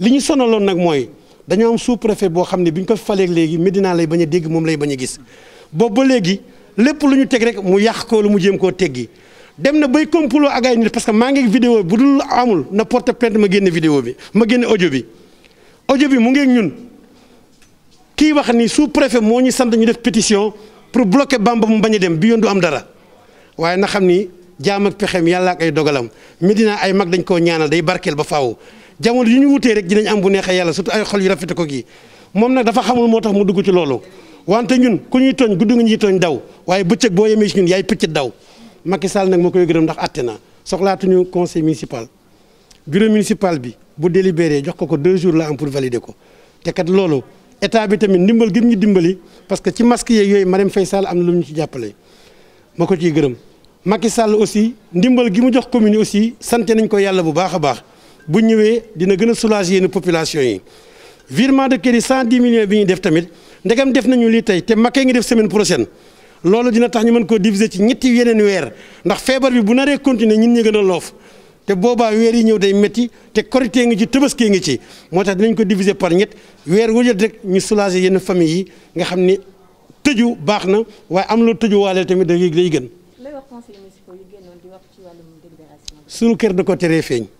li ñu sonaloon nag mooy dañoo am sous-préfet boo xam ne bi ñu ko faleek léegi Médina lay bañ a dégg moom lay bañ a gis boobu ba léegi lépp lu ñu teg rek mu yàq ko lu mu jéem koo teg gi dem na bay complot ak ay nit parce que maa ngi vidéo bu dul amul na porte plainte ma génne vidéo bi ma génne audio bi audio bi mu ngi ñun kii wax ni sous-préfet moo ñu sant ñu def pétition pour bloquer Bamba mu bañ a dem bi yoon du am dara waaye na xam ni jaam ak pexeem yàlla ak dogalam Médina ay mag dañ koo ñaanal day barkeel ba faaw. jamono yu ñu wutee rek dinañ am bu neexee yàlla surtout ay xol yu rafete ko gi moom nag dafa xamul moo tax mu dugg ci loolu wante ñun ku ñuy tooñ gudd nga ñuy tooñ daw waaye bëccëg boo yemee si ñun yaay pëccët daw Macky Sall nag ma koy gërëm ndax àtte na soxlaatuñu conseil municipal bureau bi bu délibéré jox ko ko deux jours la pour valider ko te kat loolu état bi tamit ndimbal gën ñu dimbali parce que ci masque yeeg yooyu Marème Faye Sall am na lu ñu ci jàppale ma ko ciy gërëm Macky Sall aussi ndimbal gi mu jox commune aussi sant nañ ko yàlla bu baax a baax bu ñëwee dina gën a soulager yenn population yi virement de crédit cent dix millions bi ñu def tamit ndegam def nañu lii tey te makkee ngi def semaine prochaine loolu dina tax ñu mën koo diviser ci ñetti yeneen weer ndax feebar bi bu naree continuer ñun ñu gën a loof te boobaa weer yi ñëw day métti te korité ngi ci tëbaskee ngi ci moo tax dinañ ko diviser par ñett weer wu jot rek ñu soulager yenn famille yi nga xam ni tëju baax na waaye am loo tëju tamit day gën. lay wax conseil kër da ko teree feeñ.